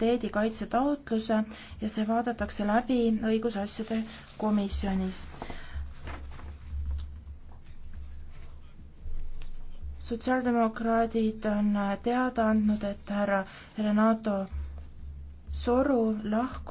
immuniteedikaitse taotluse ja see vaadatakse läbi õigusasjade komisjonis. sotsiaaldemokraadid on teada andnud, et härra Renato Soru lahkub